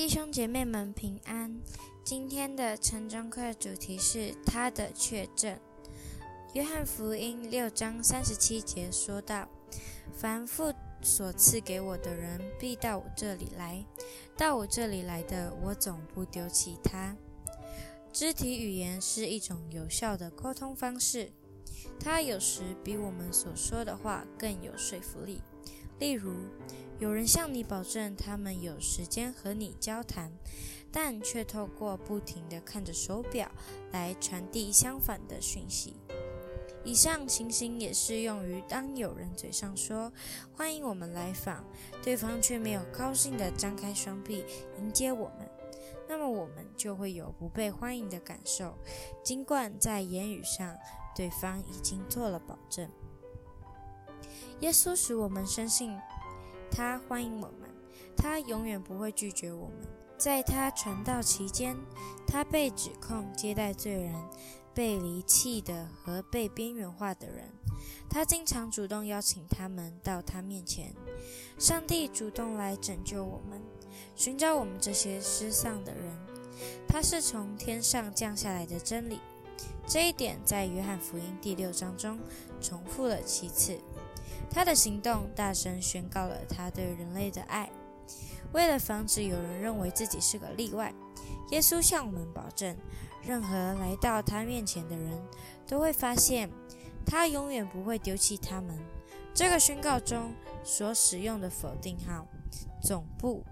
弟兄姐妹們平安，今天的晨鐘課主題是他的確證。約翰福音六章三十七節說道：“凡父所賜給我的人，必到我這裡來；到我這裡來的，我總不丟棄他。”肢體語言是一種有效的溝通方式，它有時比我們所說的話更有說服力。例如，有人向你保證他們有時間和你交談，但卻透過不停地看着手表來傳遞相反的訊息。以上情形也適用於當有人嘴上說“歡迎我們來訪”，對方卻沒有高興地張開雙臂迎接我們，那麼我們就會有不被歡迎的感受，儘管在言語上對方已經做了保證。耶穌使我們深信。他歡迎我們，他永遠不會拒絕我們。在他傳道期間，他被指控接待罪人、被遺棄的和被邊緣化的人。他經常主動邀請他們到他面前。上帝主動來拯救我們，尋找我們這些失喪的人。他是從天上降下來的真理，這一點在約翰福音第六章中重複了七次。他的行動大聲宣告了他對人類的愛。為了防止有人認為自己是個例外，耶穌向我們保證，任何來到他面前的人，都會發現他永遠不會丟棄他們。這個宣告中所使用的否定號，總不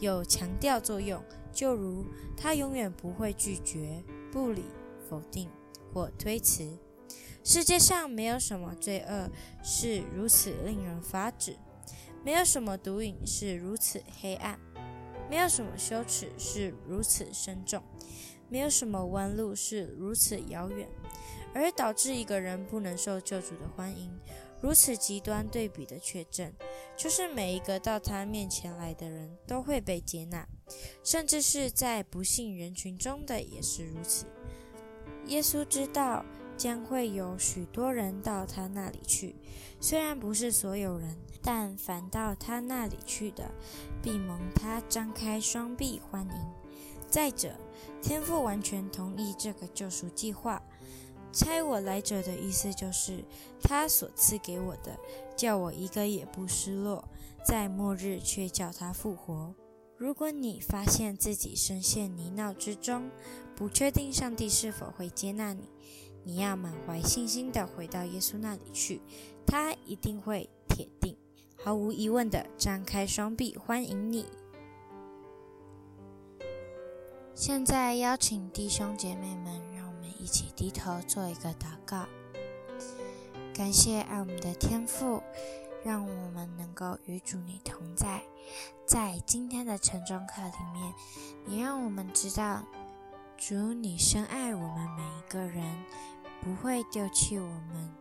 有強調作用，就如他永遠不會拒絕、不理、否定或推辭。世界上沒有什麼罪惡是如此令人發指，沒有什麼毒癮是如此黑暗，沒有什麼羞恥是如此深重，沒有什麼彎路是如此遙遠，而導致一個人不能受救主的歡迎。如此極端對比的確證，就是每一個到他面前來的人都會被接納，甚至是在不幸人群中的也是如此。耶穌知道。將會有許多人到他那裡去，雖然不是所有人，但凡到他那裡去的，必蒙他張開雙臂歡迎。再者，天父完全同意這個救贖計劃。差我來者的意思就是，他所賜給我的，叫我一個也不失落；在末日卻叫他復活。如果你發現自己深陷泥淖之中，不確定上帝是否會接納你。你要滿懷信心地回到耶穌那裡去，他一定會鐵定、毫無疑問地張開雙臂歡迎你。現在邀請弟兄姐妹們，讓我們一起低頭做一個禱告。感謝愛我們的天父，讓我們能夠與主你同在。在今天的晨鐘課裡面，你讓我們知道主你深愛我們每一個人。不會丟棄我們。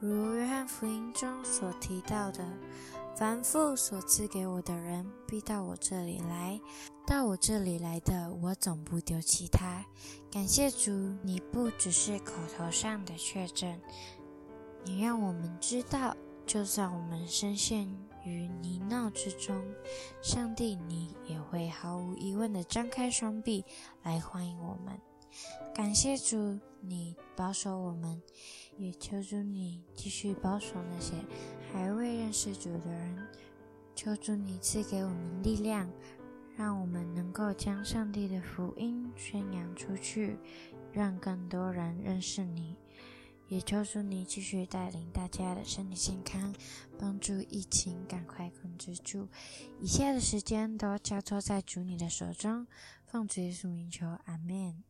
如約翰福音中所提到的，凡父所賜給我的人，必到我這裡來；到我這裡來的，我總不丟棄他。感謝主，你不只是口頭上的確證，你讓我們知道，就算我們深陷於泥淖之中，上帝你也會毫無疑問地張開雙臂來歡迎我們。感謝主，你保守我們，也求主你繼續保守那些還未認識主的人。求主你賜給我們力量，讓我們能夠將上帝的福音宣揚出去，讓更多人認識你。也求主你繼續帶領大家的身體健康，幫助疫情趕快控制住。以下的時間都交托在主你的手中，奉主耶穌名求，阿門。